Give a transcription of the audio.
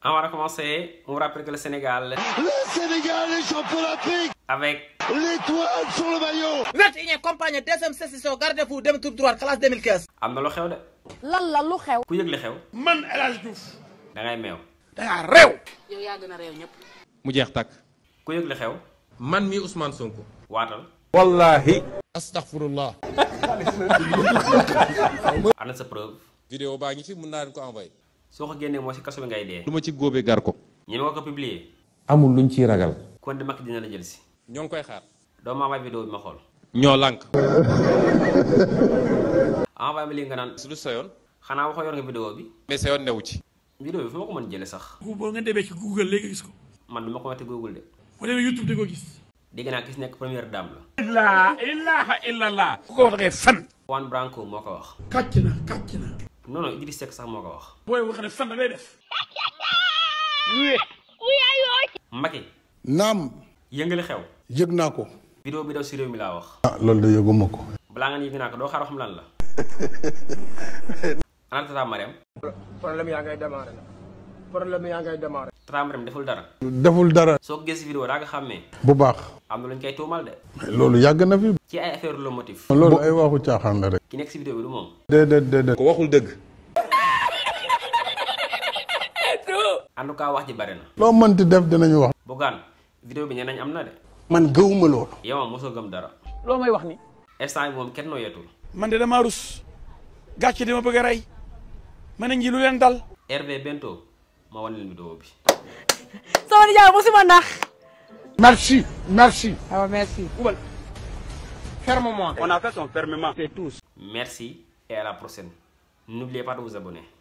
Ah, On va recommencer. On vous rappelle que le Sénégal. Le Sénégal est champion d'Afrique Avec. e campagne, deuxième session, demi tour am na lu xew de. lan la lu xew. ku yëg li xew. man El Hadj Diouf. da meew. da ngaa réew. yow yaa gën a réew mu jeex takk ku yëg li xew. man mi Ousmane Sonko. waatal. wallahi astaghfirullah. ana sa preuve. vidéo baa ngi fi mun naa leen ko envoyé. soko ko mo ci kasso ngay dee lu ci góobee gar ko ñeme ko publier amul luñ ci ragal kon de mak dina la jël ci ñong koy xaar do ma way vidéo bi ma xool ñoo lànk envoyé ma li nga naan lu sa yoon xanaa yor nga vidéo bi mais sayon newu ci vidéo bi fu ko mën sax bo nga ci google léegi gis ko man duma ko google de boo demee youtube diko gis dégg naa gis nek première dame la illa illa illa la ko waxé fan wan Branco moko wax katchina katchina non non Idriss sax moo ko wax. booy wax ne fan lay def. wéé. naam. yëngali xew. yëg naa ko. vidéo bi daw si réew mi laa wax. ah loolu de yëguma ko. balaa nga ni yëg naa ko doo xaar xam lan la. ana Tata Mariam. problème yaa ngay démarré la problème yaa ngay démarré. tremblement deful dara. deful dara. so gis video daa nga xàmmee. bu baax. am na lu ñu koy tuumal de. loolu yàgg na fi. ci ay affaire le motif. loolu ay waxu caaxaan la rek. ki nekk si vidéo bi du moom. déedéet déedéet. ko waxul dëgg. en tout cas wax ji bare na. loo mënti def dinañu wax. bu gaan vidéo bi nee am na de. man gëwuma loolu. yow moom mosoo gëm dara. loo may wax ni. instant bi moom kenn noo yetul. man de damaa rus. gàcce dama bëgg a rey. ma lu leen dal. RB Bento ma wan video bi. merci merci. ah, merci. moi on a fait son fermement. merci et à la prochaine n'oubliez pas de vous abonner.